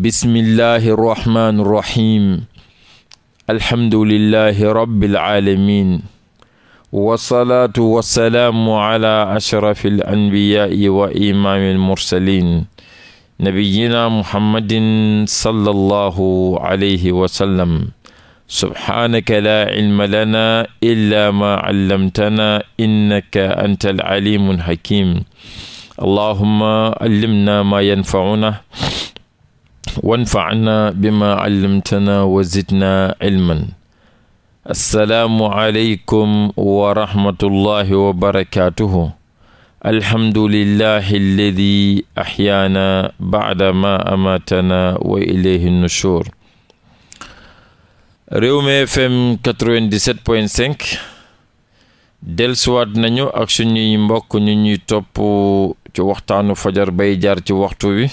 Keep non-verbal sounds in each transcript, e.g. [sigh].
bismillahi irrahmani irrahim alhamdulillahi rabbil aalamin wasalaatu wasalaamu ala ashrafi alanbiyaai wa imaami almursalin nabiyina muhammadin sallallahu alayhi wa sallam subhaanaka laa cilma lana illa ma callamtana innaka anta alcalimu alxakim allahuma allimna ma yanfacuna wanfacna bima callamtana wa zidna cilman assalaamu aleykum wa rahmatullahi wa barakaatuhu alhamdulillahi alladi axyaana bacda ma amaatana wa ilayhi nushur Rewmi FM 97.5 delsuwaat nañu ak suñuy mbokk ñu ñuy topp ci waxtaanu fajar bay jaar ci waxtu wi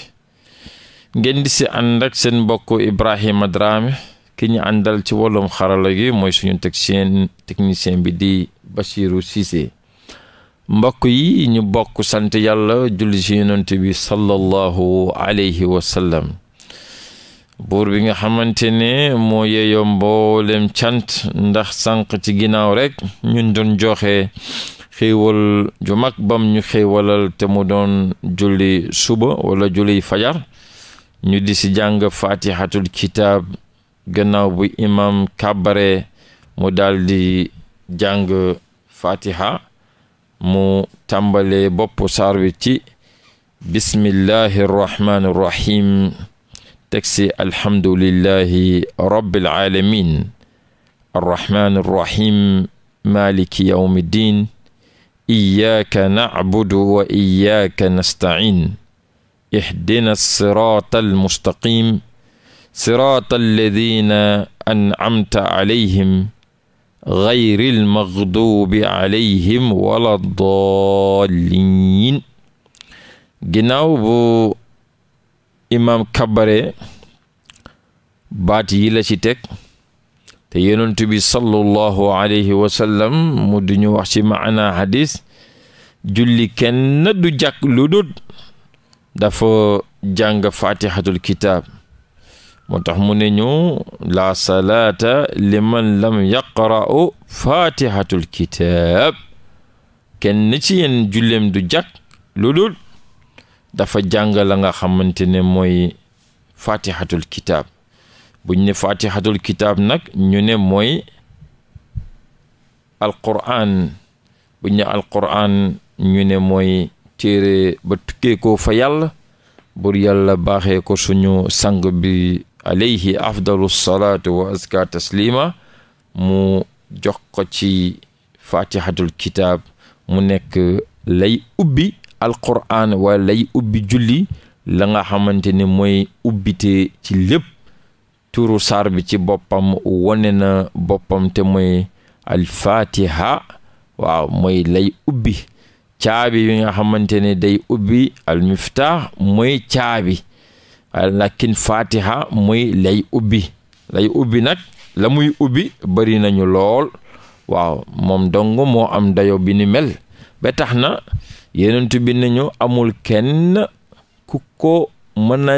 ngeen di si ànd seen mbokku Ibrahima Dramé ki ñu àndal ci wàllum xarala yi mooy suñu technicien technicien bi di Bachirou Cissé mbokk yi ñu bokk sant yàlla julli ci yonent bi sallallahu alayhi wa sallam buur bi nga xamante ne moo yeeyoo mboolem cant ndax sànq ci ginnaaw rekk ñun doon joxe xéewal ju mag bam ñu xéewalal te mu doon julli suba wala julli fajar ñu di si jàng fatihatul kitaab gannaaw bu imam kàbbare mu daldi di fatiha mu tàmbalee boppu sarwi ci bismillahi rrahmani rrahim teg si alhamdulillahi rabbil alamin arrahmani rrahim maliki yawmi ddin iyyaka wa iyyaka nasta'in ihdina siraata almustaqim siraata alladina an'amta alayhim gayri almaghdubi alayhim wala dallin ginnaaw bu imaam kabare baat yi la ci teg te yonent bi sallallahu alayhi wa sallam mu duñu wax ci maana hadis julli kenn du jàkk lu dut dafa jàng fatihatul kitaab moo tax mu ne ñu la salaata liman lam yaqra'u fatihatul kitaab kenn ci yeen julleem du jàkk lu dul dafa jàng la nga xamante ne mooy fatihatul kitaab buñ ne fatihatul kitaab nag ñu ne mooy alqur'an buñ ne ñu ne mooy téere ba tukkee fa yàlla bur yàlla baaxee ko suñu sang bi alayhi afdalu salaatu wa azka taslima mu jox ko ci fatihatul kitaab mu nekk lay ubbi alquran wala lay ubbi julli la nga xamante ni mooy ubbite ci lépp turu saar bi ci boppam wone na boppam te mooy alfatiha waaw mooy lay ubbi caabi yi nga xamante ne day ubbi almiftaax mooy caabi lakin fatiha mooy lay ubbi lay ubbi nag la muy ubbi bari nañu lool waaw moom dong moo am dayo bi ni mel ba tax na yenentu bi nañu amul kenn ku ko mën a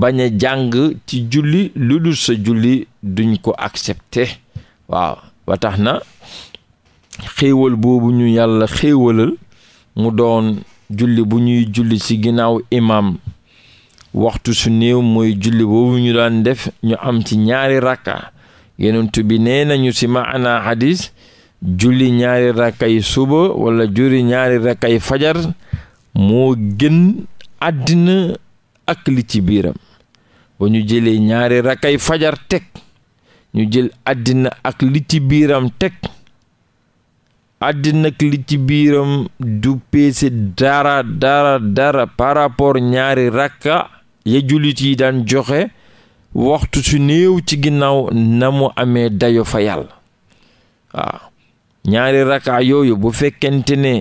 bañ a jàng ci julli lu dul sa julli duñ ko accepté waaw ba tax na xéewal boobu ñu yàlla xéewalal mu doon julli bu ñuy julli ci ginnaaw imam waxtu su néew mooy julli boobu ñu daan def ñu am ci ñaari rakka yonent bi nee nañu ci maana hadis julli ñaari rakka yi suba wala juri ñaari rakka yi fajar moo gën àddina ak li ba ñu jëlee ñaari rakkay fajar teg ñu jël àddina ak li biiram teg àddina ak li ci biiram du peese dara dara dara par rapport ñaari rakka ya jullit yi daan joxe waxtu su néew ci ginnaaw na mu amee dayo fa yàlla ñaari rakka yooyu bu fekkente ne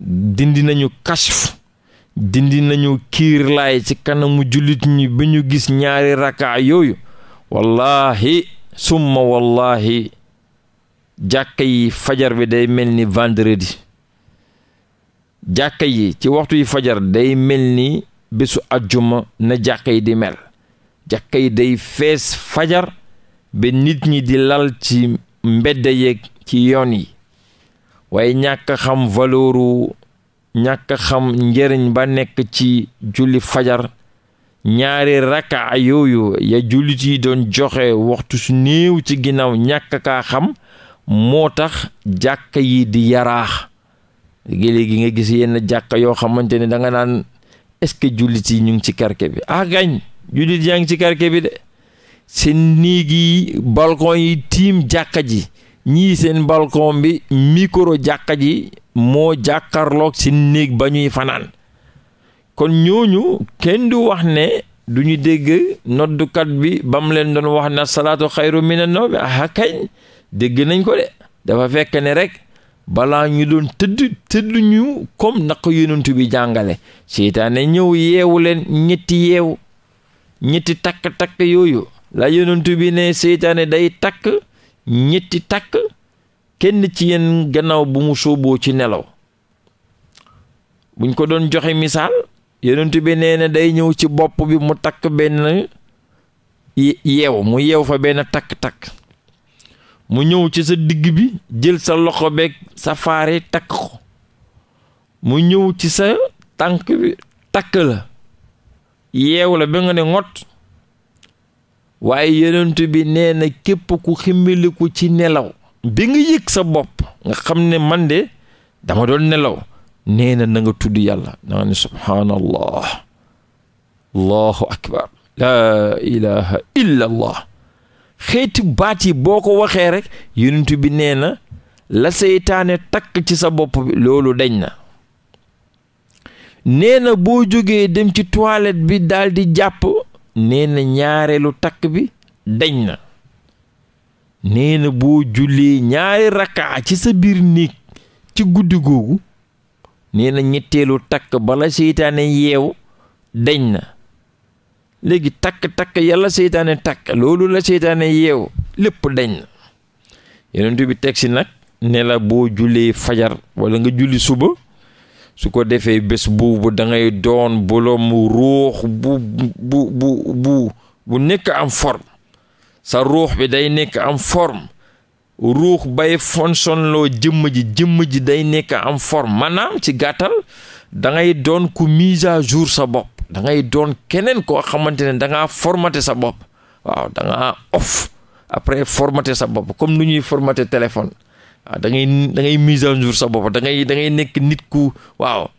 dindi nañu kashf dindi nañu kiirlaay ci kanamu jullit ñi bi ñu gis ñaari rakka yooyu wallahi summa wallahi jàkk yi fajar bi day mel ni vendredi jàkka yi ci waxtuyu fajar day mel ni bésu ajjuma na jàkk yi di mel jàkk yi day fees fajar ba nit ñi di lal ci mbedd yeeg ci yoon yi waaye ñàkk xam valeuru ñàkk xam njëriñ ba nekk ci julli fajar ñaari rakka yooyu ya jullit yi doon joxe waxtu su néew ci ginnaaw ñàkk kaa xam moo tax jàkka yi di yaraax léegi-léegi nga gis yenn jàkka yoo xamante ne danga naan est-ce que jullit yi ñu ngi ci quartier bi ah gañ jullit yaa ngi ci quartier bi de seen néeg yi balcon yi tiim jàkka ji ñii seen balcon bi micro jàkka ji moo jàkkarloog seen néeg ba ñuy fanaan kon ñooñu kenn du wax ne duñu dégg noddukat bi ba leen doon wax ne salaatu xayru mina nawmi ah kañ dégg nañ ko de dafa fekk ne rek balaa ñu doon tëdd tëdd ñu comme naka yonent bi jàngale seytaane ñëw yeewu leen ñetti yeew ñetti takk-takk yooyu la yonent bi ne seytaane day takk ñetti takk kenn ci yéen gannaaw bu mu sóoboo ci nelaw buñ ko doon joxe misaal yonent bi nee na day ñëw ci bopp bi mu takk benn yeew mu yeew fa benn takk-takk mu ñëw ci sa digg bi jël sa loxo beeg sa faare takk ko mu ñëw ci sa tànk bi takk la yeew la ba nga ne ngot waaye yonent bi nee na képp ku ximmiliku ci nelaw bi nga yëg sa bopp nga xam ne man de dama doon nelaw nee na na tudd yàlla na nga ne subhaanallah allahu akbar laa ilaha illa xeeti baat yi boo ko waxee rek yonent bi nee na la seytaane takk ci sa bopp bi loolu dañ na nee na boo jógee dem ci toilette bi daldi jàpp nee na ñaareelu takk bi dañ na nee na boo jullee ñaari rakkaa ci sa biir néeg ci guddi googu nee na ñetteelu takk bala seytaane yeew dañ na léegi takk-takk yàlla seytaane takk loolu la seytaane yeew lépp dañ na yonent bi teg si nag ne la boo jullee fajar wala nga julli suba su ko defee bés boobu dangay ngay doon bolom ruux bu bu bu nekk am forme sa ruux bi day nekk am form ruux bay fonsonloo jëmm ji jëmm ji day nekk am forme maanaam ci gàttal da ngay doon ku mise à jour sa bopp da ngay doon keneen koo xamante ne da ngaa formaté sa bopp waaw da off après formaté sa bopp comme nu ñuy formate téléphone waaw da ngay da sa bopp da da ngay nekk nit ku waaw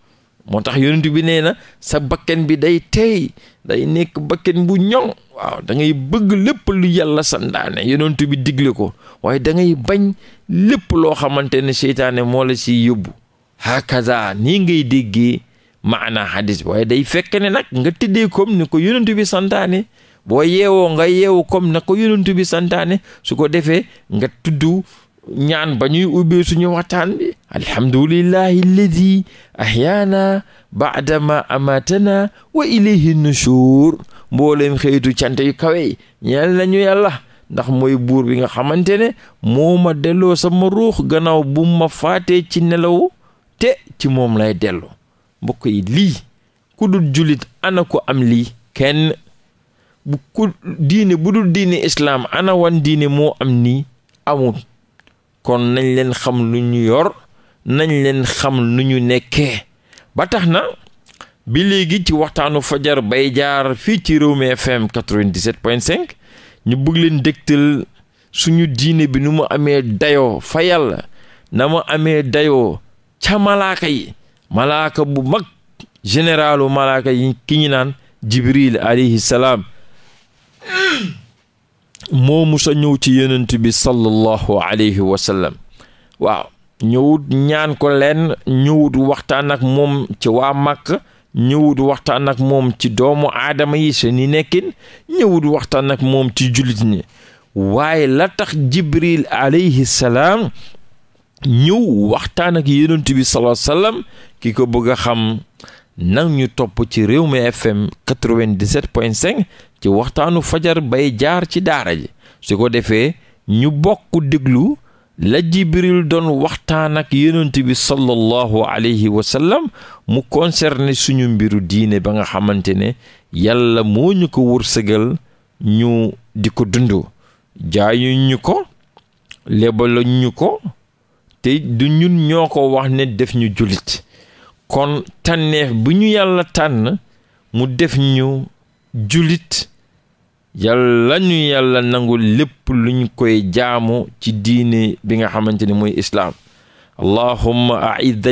moo tax yonent bi nee na sa bakken bi day teey day nekk bakken bu ñoŋ waaw da ngay bëgg lépp lu yàlla sandaane yonent bi digle ko waaye da bañ lépp loo xamante ne seytaane moo la si yóbbu hakaza nii ngay déggee maana hadis bi day fekke ne nag nga tëddee comme ni ko yonent bi santaane boo yeewoo nga yeewu comme na ko yonent bi santaane su ko defee nga tuddu ñaan ba ñuy ubbee suñu waxtaan bi alhamdulillahi alladi ahyaana baadama amatana wa ilayhi nushur mbooleem xëyitu cant yu kawe ñeel nañu yàlla ndax mooy buur bi nga xamante ne moo ma delloo sama ruux gannaaw bu ma faatee ci nelaw te ci moom lay delloo mbokk yi lii ku dul jullit ana ko am lii kenn bu ku diine bu dul diine islaam ana wan diine moo am nii amul kon nañ leen xam lu ñu yor nañ leen xam lu ñu nekkee ba tax na bi léegi ci waxtaanu fajar bay jaar fii ci Rewmi FM 97.5 ñu bëgg leen dégtal suñu diine bi nu mu amee dayoo fa yàlla na mu amee dayoo ca malaaka yi malaaka bu mag généralu malaaka yi ki ñu naan jibril alayhi salaam moo musa ñëw ci yonent bi sallallahu alayhi wa sallam waaw ñëwut ñaan ko leen ñëwut waxtaan ak moom ci waa màkk ñëwut waxtaan ak moom ci doomu aadama yi seeni nekkin ñëwut waxtaan ak moom ci jullit ni waaye la tax jibril alayhi salaam ñëw waxtaan ak yonent bi sallallahu ki ko bëgg a xam nag ñu topp ci réew Rewmi FM 97.5 ci waxtaanu fajar bay jaar ci daara ji su ko defee ñu bokk déglu la Jibril doon waxtaan ak yonent bi sallallahu alayhi wasallam mu concerné suñu mbiru diine ba nga xamante ne yàlla moo ñu ko wërsëgal ñu di ko dund jaayuñ ko lebaluñ ko te du ñun ñoo ko wax ne def ñu jullit kon tànneef bu ñu yàlla tànn mu def ñu jullit yàlla ñu yàlla nangu lépp luñ koy jaamu ci diini bi nga xamante ne mooy islaam allahumma aizza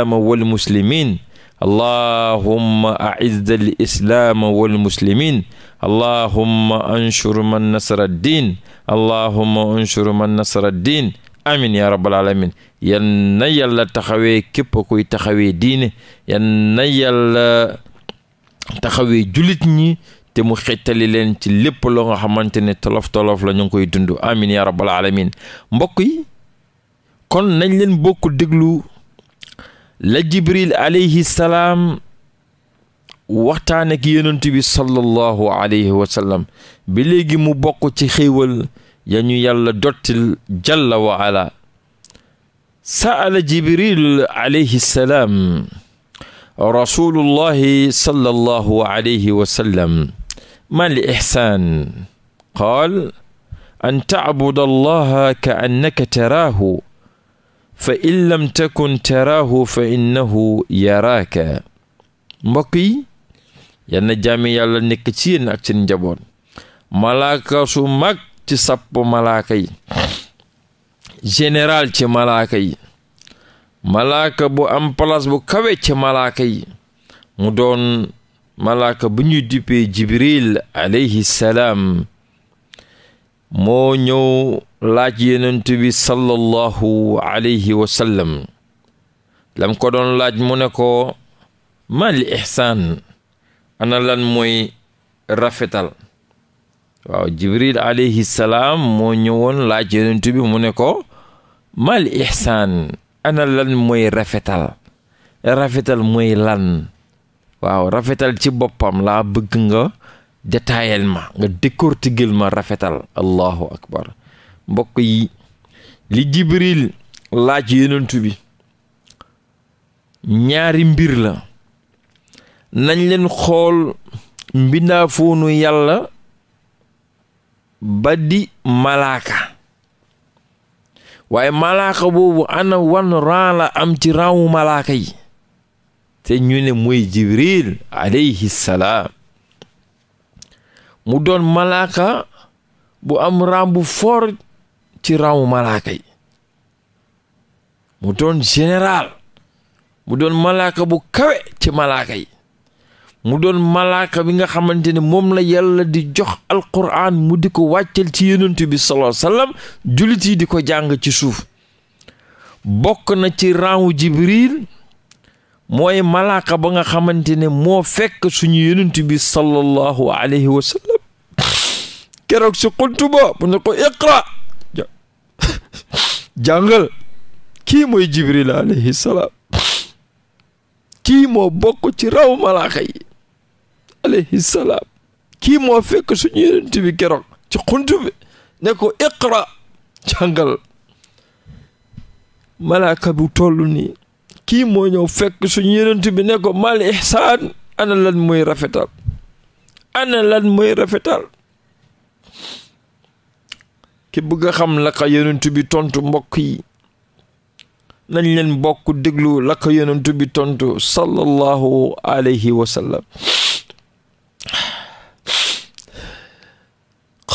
al wal muslimin allahumma aizza al wal muslimin allahumma ansur man nasara diin allahumma ansur man nasara diin amin yaa rabbal alamin yal na yàlla taxawee képp kuy taxawee diine yal na yàlla taxawee jullit ñi te mu xettali leen ci lépp loo nga xamante ne tolof tolof la ñu ngi koy dund amin yaa rabbal alamin mbokk yi kon nañ leen bokk déglu la jibril alayhi salaam waxtaan ak yonent bi sallallahu alayhi wa bi léegi mu bokk ci xéewal ya ñu yàlla dottil jalla wa ala sa'ala jibril alayhi salaam rasulullahi sallallahu alayhi wa sallam ma li ihsan qaal an tacbuda allaha ka annaka taraahu fa in lam takun taraahu fa innahu yaraaka mbokk yi yann jaami yàlla nekk ci yéen ak seen njaboot malaaka su mag ci sapp malaaka général ci malaaka yi malaaka bu am place bu kawe ci malaaka yi mu doon malaaka bu ñu duppee jibril alayhi salaam moo ñëw laaj yenentu bi sallallahu alayhi wa lam ko doon laaj mu ne ko mal ihsaan ana lan mooy rafetal waaw jibril alayhi salaam moo ñëwoon laaj yonent bi mu ne ko mal ihsaan ana lan mooy rafetal rafetal mooy lan waaw rafetal ci boppam laa bëgg nga détaayel ma nga décortiquel ma rafetal allahu akbar mbokk li jibril laaj yonent bi ñaari mbir la nañ leen xool mbindaa yàlla ba di malaaka waaye malaaka boobu ana wan ran am ci ranwu malaaka yi te ñu ne mooy jibril alayhi salaam mu doon malaaka bu am ran bu fort ci ranwu malaaka yi mu doon général mu doon malaaka bu kawe ci malaaka yi mu doon malaaka bi nga xamante ne moom la yàlla di jox alquran mu di ko wàccel ci yonent bi sallallahu alayhi wasallam jullit yi di ko jàng ci suuf bokk na ci rangu jibril mooy malaaka ba nga xamante ne moo fekk suñu yonent bi sallallahu alayhi wasallam keroog si xuntu ba bu ne ko iqra [laughs] jàngal kii mooy jibril alayhi salaam kii moo bokk ci raw malaaka yi alayhi kii moo fekk suñu yonent bi keroog ci xunt bi ne ko iqra jàngal malaaka bu toll ni kii moo ñëw fekk suñu yonent bi ne ko mal ihsaan ana lan mooy rafetal ana lan mooy rafetal ki bëgg a xam la ka bi tontu mbokk yi nañ leen bokk déglu la ka bi tontu sallallahu alayhi wa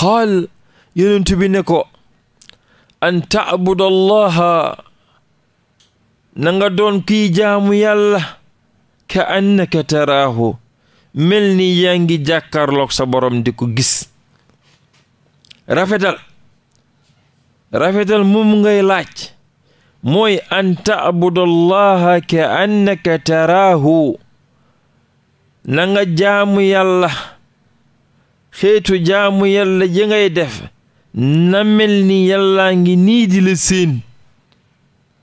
qaal yonent bi ne ko an taabuda allaha nga doon kii jaamu yàlla ka annaka taraahu mel ni yaa ngi jàkkaarloog sa borom di ko gis rafetal rafetal moom ngay laaj mooy an taabudallaha ka annaka taraahu na nga jaamu yàlla xeetu jaamu yalla ji ngay def na mel ni yàllaa ngi nii di séen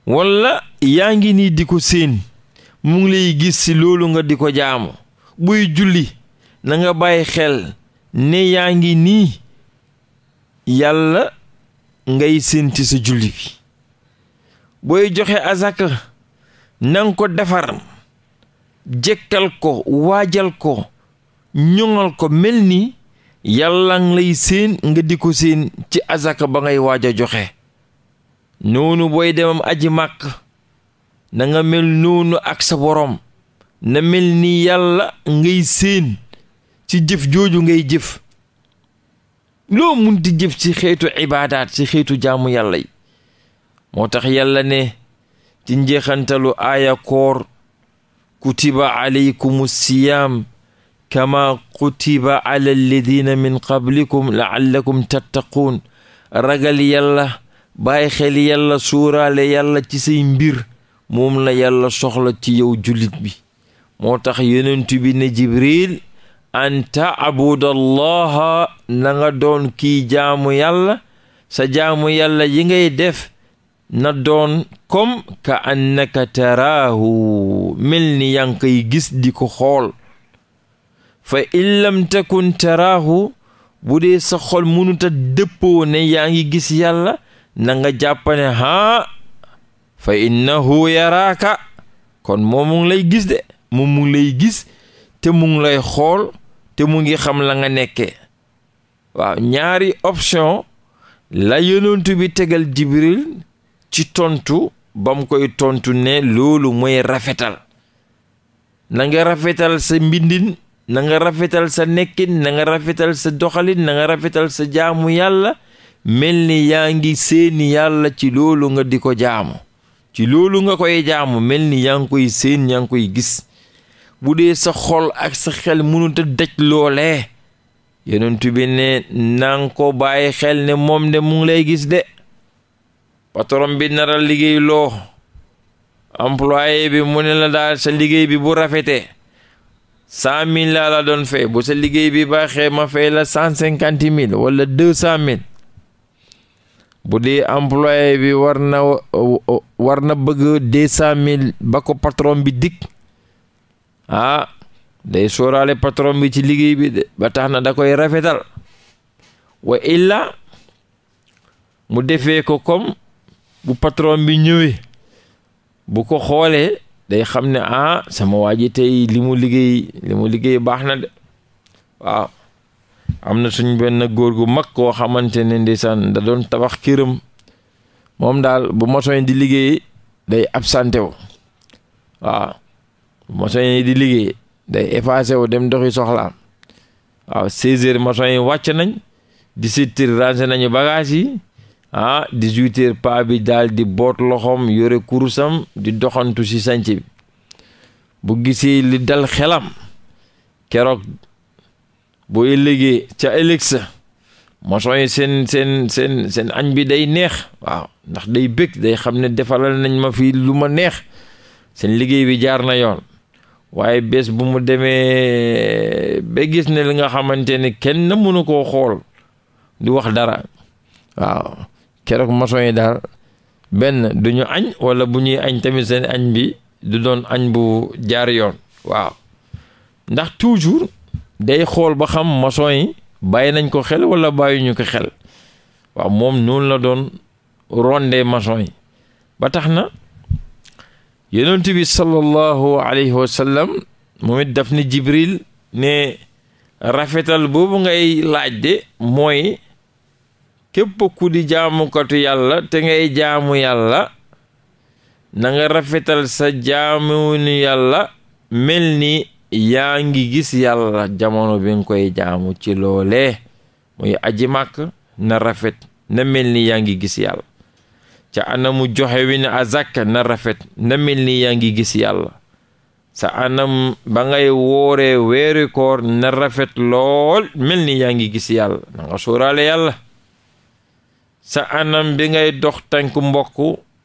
walla yaa ngi nii di ko séen mu ngi lay gis ci loolu nga di ko jaamu buy julli na nga bàyyi xel ne yaa ngi nii yàlla ngay séenti sa julli bi booy joxe azaka nanga ko defar jekkal ko waajal ko ñoŋal ko mel ni yàlla nga lay séen nga di ko séen ci asaka ba ngay waaj a joxe noonu booy demam aji màkk na nga mel noonu ak sa boroom na mel ni yàlla ngay séen ci jëf jooju ngay jëf loo mun di jëf ci xeetu ibaadaat ci xeetu jaamu yàlla yi moo tax yàlla ne ci njeexantalu aaya koor kutiba aleykumu siyaam kama kutiba ala alladina min qablikum laallakum tattaquun ragal yàlla bàyyi xel yàlla suuraale yàlla ci say mbir moom la yàlla soxla ci yow julit bi moo tax yonent bi ne jibril an taabudallaha na nga doon kii jaamu yàlla sa jaamu yàlla yi ngay def na doon kom ka annaka taraahu mel ni yaa ngi koy gis di ko xool fa in lam takun bu dee sa xol mënuta dëppoo ne yaa ngi gis yàlla nanga nga jàppane haa fa innahu yaraaka kon moom mu lay gis de moom lay gis te mu lay xool te mu ngi xam la nga nekkee waaw ñaari option la yonentu bi tegal Jibril ci tontu ba koy tontu ne loolu mooy rafetal na rafetal sa mbindin na nga rafetal sa nekkin nanga rafetal sa doxalin na nga rafetal sa jaamu yàlla mel ni yaa ngi seeni yàlla ci loolu nga di ko jaamu ci loolu nga koy jaamu mel ni yaa ngi koy seen yaa ngi koy gis bu dee sa xol ak sa xel mënut a daj loolee yonent bi ne nang ko bàyyi xel ne moom de mu ngi lay gis de patron bi nara liggéey loo employé bi mu ne la daal sa liggéey bi bu rafetee cent mille laa la doon fay bu sa liggéey bi baaxee ma fay la cent cinquante mille wala deux cent mille bu dee employé bi war na war na bëgg deux cent mille ba ko patron bi dikk ah day sóoraale patron bi ci liggéey bi ba tax na da koy rafetal wa illa mu defee ko kom bu patron bi ñëwee bu ko xoolee day xam ne ah sama waa ji tey li mu liggéey li mu liggéey baax na de waaw am na suñ benn góor gu mag koo xamante ne ndeysaan da doon tabax këram moom daal bu maçon di liggéey day absenté wu waaw bu yi di liggéey day effacé wu dem doxi soxlaam waaw 16 heures maçon yi wàcc nañ di heures rangé nañu bagage yi ah 18 heures paa bi daal di boot loxoom yore kurusam di doxantu ci sanc bi bu gisee li dal xelam keroog boo léegi ca ëllëg moson yi seen seen seen seen añ bi day neex waaw ndax day bëgg day xam ne defalal nañ ma fi lu ma neex seen liggéey bi jaar na yoon waaye bés bu mu demee ba gis ne li nga xamante ne kenn mënu koo xool di wax dara waaw keroog mason yi daal benn duñu añ wala bu ñuy añ tamit seen añ bi du doon añ bu jaar yoon waaw ndax toujours day xool ba xam mason yi bàyyi nañ ko xel walla bàyyiñu ko xel waaw moom noonu la doon rondé mason yi ba tax na yonent bi sallallahu alayhi wa sallam moom it daf ni Jibril ne rafetal boobu ngay laaj de mooy képp ku di jaamukatu yàlla te ngay jaamu yàlla na nga rafetal sa jaamu ni yàlla mel ni yaa ngi gis yàlla jamono bi nga koy jaamu ci loole muy aji màkk na rafet na mel ni yaa ngi gis yàlla ca anamu joxe wi ne azaka na rafet na mel ni yaa ngi gis yàlla sa anam ba ngay wooree weeri na rafet lool mel ni yaa ngi gis yàlla na nga sóoraale yàlla sa anam bi ngay dox tànk mbokk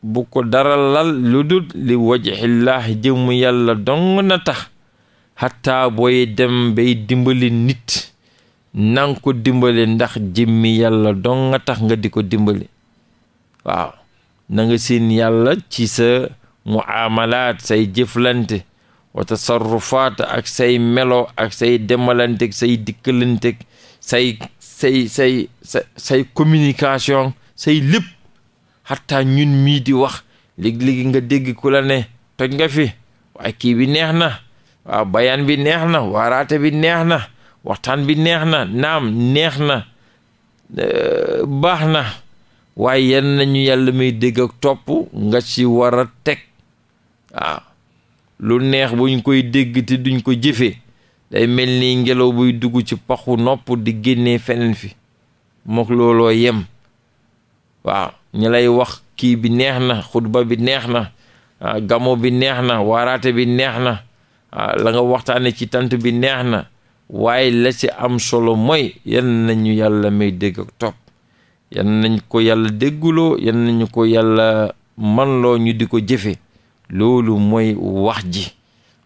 bu ko dara lal lu dul li wajhillaahi jëmu yàlla dong na tax xataa booy dem bay dimbali nit nang ko dimbali ndax jëmmi yàlla dong nga tax nga di ko dimbali waaw na nga yàlla ci sa mu muamalaat say jëflante wa tasarrufaat ak say melo ak say demalanteeg say dikkalanteeg say say say say communication say lépp xataa ñun mii di wax léegi-léegi nga dégg ku la ne toj nga fi waaye kii bi neex na waaw bayaan bi neex na waaraate bi neex na waxtaan bi neex na naam neex na euh, baax na waaye yan nañu yàlla may dégg ak topp nga ci war a teg waaw lu neex buñ koy dégg te duñ ko jëfee day mel ni ngelaw buy dugg ci paxu nopp di génne feneen fi mook looloo yem waaw ñu wax kii bi neex na xutba bi neex na ah, gamo bi neex na waraate bi neex na ah, langa nga waxtaane ci tant bi neex na waaye la ci am solo mooy yan nañu yàlla may dégg topp yan nañ ko yàlla dégguloo yan nañu ko yàlla man loo ñu di ko jëfe loolu mooy wax ji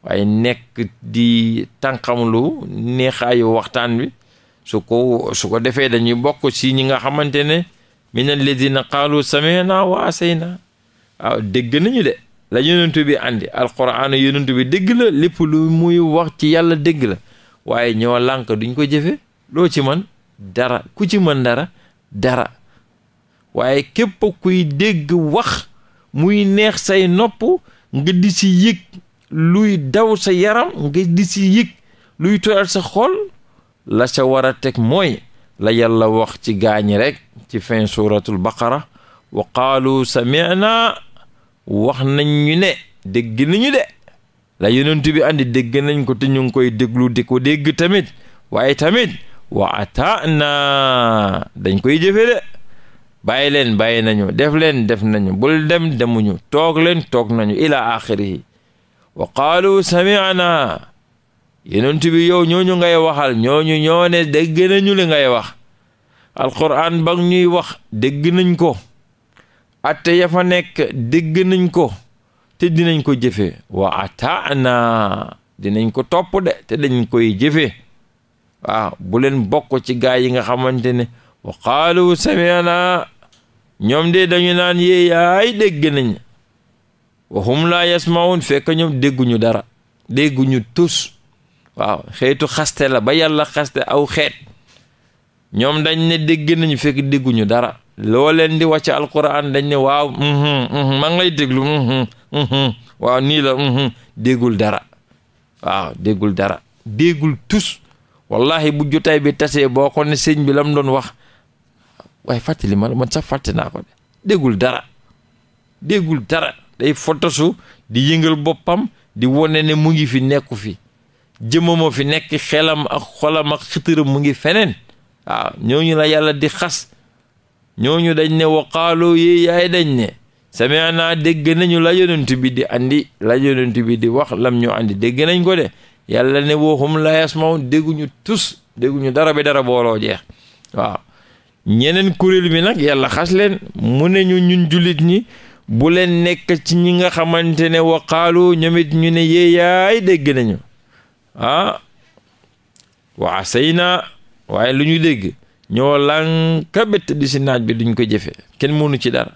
waaye nekk di tànqamlu neexaayu waxtaan wi su ko su ko defee dañuy bokk ci ñi nga xamante ne min alladina qaalu sami'na wa asayna waaw dëgg nañu de la yonent bi andi alquraan yonent bi dégg la lépp lu muy wax ci yàlla dégg la waaye ñoo lànk duñ ko jëfe loo ci mën dara ku ci mën dara dara waaye képp kuy dégg wax muy neex say nopp nga di ci yëg luy daw sa yaram nga di si yëg luy tooyal sa xol la sa war a teg mooy la yàlla wax ci gaañi rekk ci fin suuratul baqara wa qaalu sami'na wax nañ ñu ne dégg nañu de la yonent bi andi dégg nañ ko te ñu ngi koy déglu di ko dégg tamit waaye tamit wa ataana dañ koy jëfe de bàyyi leen bàyyi nañu def leen def nañu bul dem demuñu toog leen toog nañu ila axirihi wa qaalu sami'na yenent bi yow ñooñu ngay waxal ñooñu ñoo ne dégg nañu li ngay wax alquran ba ñuy wax dëgg nañ ko atte ya fa nekk dégg nañ ko te dinañ ko jëfe wa ataana dinañ ko topp de te dañ koy jëfe a bulen leen bokk ci gaay yi nga xamante ne wa qaalu sami'na ñoom de dañu naan yee yaay dégg nañ wahum laa yasmaun fekk ñoom dégguñu dara dégguñu tus waaw xeetu xaste la ba yàlla xaste aw xeet ñoom dañ ne dégg nañu fekk dégguñu dara loo leen di wàcc alquran dañ ne waaw mhm, mhm, maa ngi lay déglu mhm, nii la dara waaw déggul dara déggul tus wallahi bu jotaay bi tasee boo kon ne sëñ bi lam doon wax waaye fàttali ma man sax fàtte naa ko de déggul dara déggul dara day fotosu di yëngal boppam di wone ne mu ngi fi nekku fi moo fi nekk xelam ak xolam ak xitaram mu ngi feneen waaw ñooñu la yàlla di xas ñooñu dañ ne waqaaloo yee yaay dañ ne sami'naa dégg nañu la yonent bi di andi la yonent bi di wax lam ñu andi dégg nañ ko de yàlla ne wooxum la yasmaw dégguñu tus dégguñu dara bi dara booloo jeex waaw ñeneen kuréel bi nag yàlla xas leen mu ne ñu ñun jullit ñi bu leen nekk ci ñi nga xamante ne waqaalu ñoom it ñu ne yeeyaay dégg nañu ah waa sëy na waaye lu ñu dégg ñoo lànka bett di si naaj bi duñ ko jëfe kenn mënu ci dara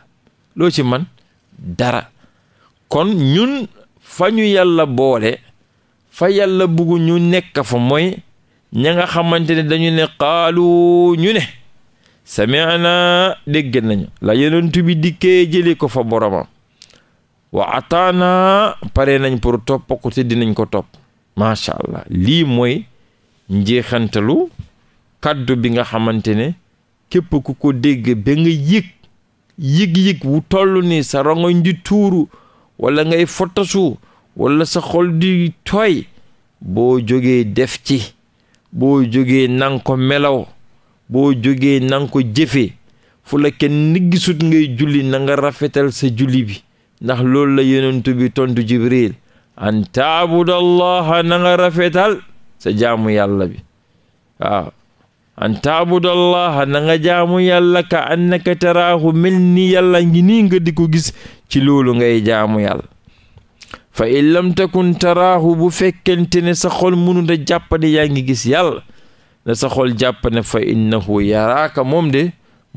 loo ci man dara kon ñun fa ñu yàlla boole fa yàlla bugg ñu nekk fa mooy ña nga xamante ne dañu ne qaalu ñu ne sa sami'na dégg nañu la yonent bi dikkee jëlee ko fa boromam wa ataana pare nañ pour topp ko te dinañ ko topp macha allah lii mooy njeexantalu kàddu bi nga xamante ne képp ku ko dégg ba nga yëg yëg-yëg wu toll ni sa rongoñ di tuuru walla ngay fotosu wala sa xol di boo jógee def ci boo jógee nang ko melaw boo jógee nanko nga ko fu la kenn niggi sut ngay julli nanga rafetal sa julli bi ndax loolu la yonent bi tontu jibril an taabudallaha na nga rafetal sa jaamu yàlla bi waaw an taabudallaha na nga jaamu yàlla ka annaka taraahu mel ni yàlla ngi nii nga di ko gis ci loolu ngay jaamu yàlla fa in lam takun bu fekkente ne sa xol mënut a jàppane yaa gis yàlla na sa xol jàpp ne fa innahu yaraaka moom de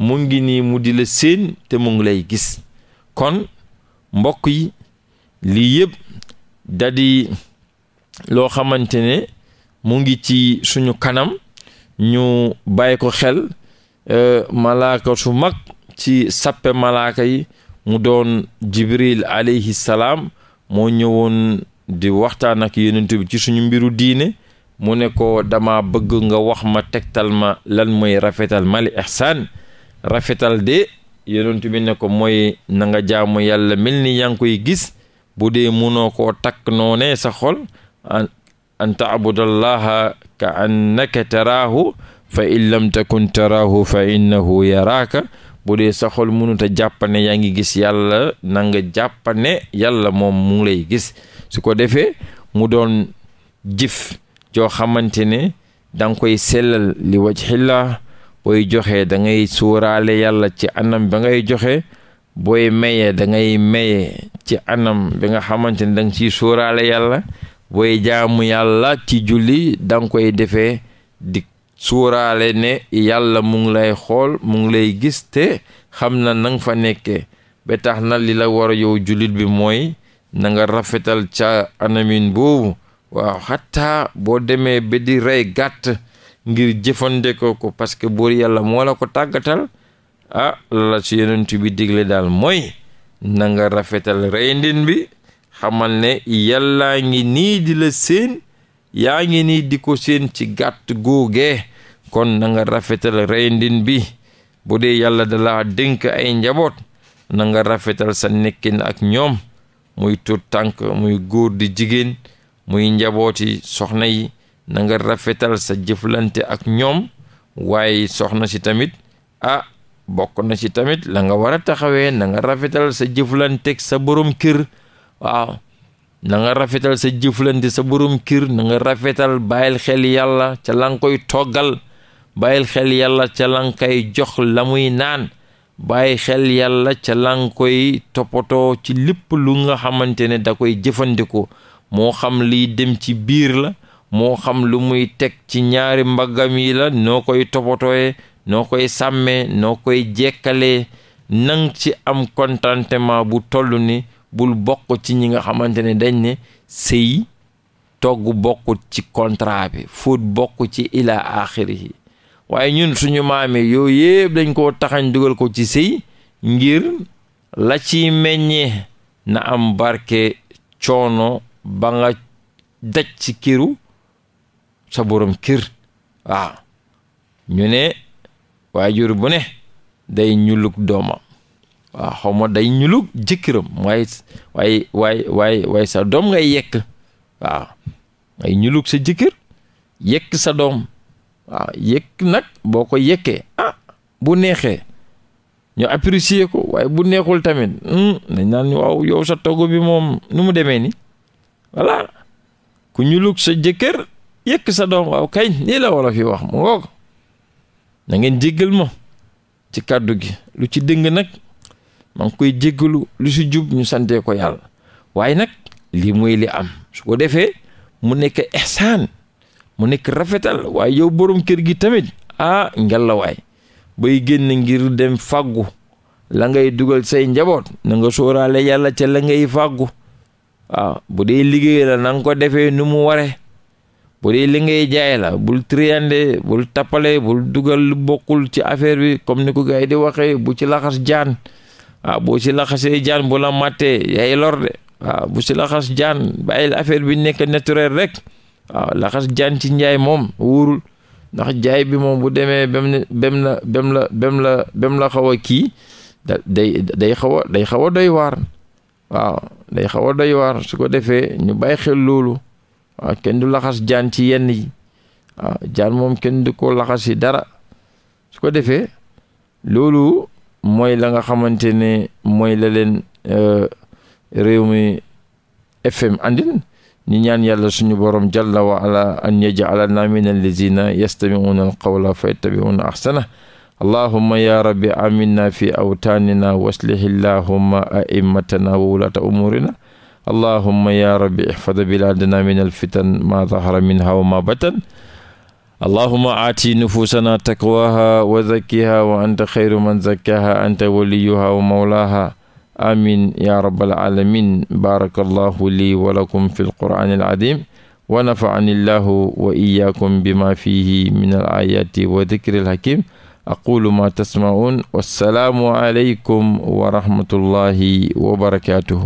mu ngi nii mu di la séen te mu ngi lay gis kon mbokk yi lii yëpp dadi loo xamante ne mu ngi ci suñu kanam ñu bàyyi ko xel euh, malaaka su mag ci sappe malaaka yi mu doon jibril alayhi salaam moo ñëwoon di waxtaan ak yonent ci suñu mbiru diine mu ne ko dama bëgg nga wax ma tegtal ma lan moy rafetal mali ihsaan rafetal de yonent bi ne ko mooy na nga jaamu yàlla mel ni yaa ngi koy gis bu dee munoo ko takk noonee sa xol an taabudallaha ka annaka taraahu fa in lam takun taraahu fa innahu yaraaka bu dee sa xol munuta jàppane yaa ngi gis yàlla na nga jàppane yàlla moom mu lay gis su ko defee mu doon jëf joo xamante ne da nga koy sellal li wajhillah booy joxe da ngay suuraale yàlla ci anam ba ngay joxe booy maye dangay maye ci anam bi nga xamante ne danga nga ciy suuraale yàlla booy jaamu yàlla ci julli da nga koy defee di suuraale ne yàlla mu ngi lay xool mu ngi lay gis te xam na nanga fa nekkee ba tax na li la war yow jullit bi mooy nanga rafetal ca anamin boobu waaw xataa boo demee ba di rey gàtt ngir jëfandikoo ko parce que buur yàlla moo la ko tàggatal ah la ci bi digle daal mooy na nga rafetal reyndin bi xamal ne yàllaa ngi nii di la seen yaa ngi nii di ko seen ci gàtt googee kon na nga rafetal reyndin bi bu dee yàlla dalaa dénk ay njaboot na nga rafetal sa nekkin ak ñoom muy tuut tànk muy góor di jigéen muy njabooti soxna yi na nga rafetal sa jëflante ak ñoom waaye soxna si tamit ah bokk na ci tamit la nga war a taxawee na nga rafetal sa jëflanteeg sa borom kër waaw na rafetal sa jëflante sa borom kër na nga rafetal bàyyil xel yàlla ca la koy toggal bàyyil xel yàlla ca la nga koy jox la muy naan bàyyi xel yàlla ca la nga koy toppatoo ci lépp lu nga xamante ne da koy jëfandikoo moo xam liy dem ci biir la moo xam lu muy teg ci ñaari mbaggam yi la noo koy toppatooye noo koy sàmmee noo koy jekkalee nang ci am contentement bu toll ni bul bokk ci ñi nga xamante ne dañ ne sëy togg bokk ci contrat bi fóot bokk ci ila axiri yi waaye ñun suñu maame yooyu yëpp dañ koo taxañ dugal ko ci sëy ngir la ci meññee na am barke coono ba nga daj ci këru sa boroom kër waaw ñu ne waajur bu ne day ñulug doomam waaw xaw ma day ñulug jëkkëram waaye waaye waaye waaye sa doom ngay yekk waaw ngay ñulug sa jëkkër yekk sa doom waaw yekk nag boo ko yekkee ah bu neexee ñu apprécier ko waaye bu neexul tamit hmm, dañ naan waaw yow sa togg bi moom nu mu demee ni voilà ku ñulug sa jëkkër yëkk sa doom waaw kañ nii la wolof yi wax mu ngoog na ngeen jéggal ma ci kàddu gi lu ci dëng nag maa ngi koy jéggalu lu si jub ñu santee ko yàlla waaye nag lii muy li am su ko defee mu nekk ihsaan mu nekk rafetal waaye yow borom kër gi tamit ah ngelawaay bay génn ngir dem fàggu la ngay dugal say njaboot na sóoraale yàlla ca la ngay fàggu waaw bu dee liggéey la na ko defee nu mu ware bu dee li ngay jaay la bul triyande bul tappale bul dugal bokkul ci affaire bi comme ni ko gars yi di waxee bu ci laxas jaan waaw boo ci laxasee jaan bu la màttee laxas jaan bàyyil affaire bi nekk naturel rek waaw laxas jaan ci njaay moom wóorul ndax jaay bi moom bu demee bem ne la bem la bem la xaw a kii day day xaw a day xaw a doy waar waaw day xaw a doy waar su ko defee ñu bàyyi xel loolu waaw kenn du laxas jaan ci yenn yi waaw jaan moom kenn du ko laxas yi dara su ko defee loolu mooy la nga xamante ne mooy la leen euh, réew mi fm andin ñu ñaan yàlla suñu borom jalla wa ala an yaj'alana min allazina yastami'una alqawla fayattabi'una ahsana allahuma ya rabbi aminna fi awtaanina waslihillahuma aimatana wa wulaata umuurina allahuma ya rabbi ihfad bilaadana min alfitan ma zahara minha wa ma batan allahuma aati nufuusana taqwaha wa zakkiha wa anta xayru man zakkaha anta waliyuha wa mawlaha amin ya rabbal alamin baraka allahu lii wa lakum fi lqur'ani aladim wa nafaani allahu wa iyaakum bima fihi min al ayati wa dikri alhakim aqulu ma tasmaun wassalaamu aleykum wa rahmatullahi wa barakaatuhu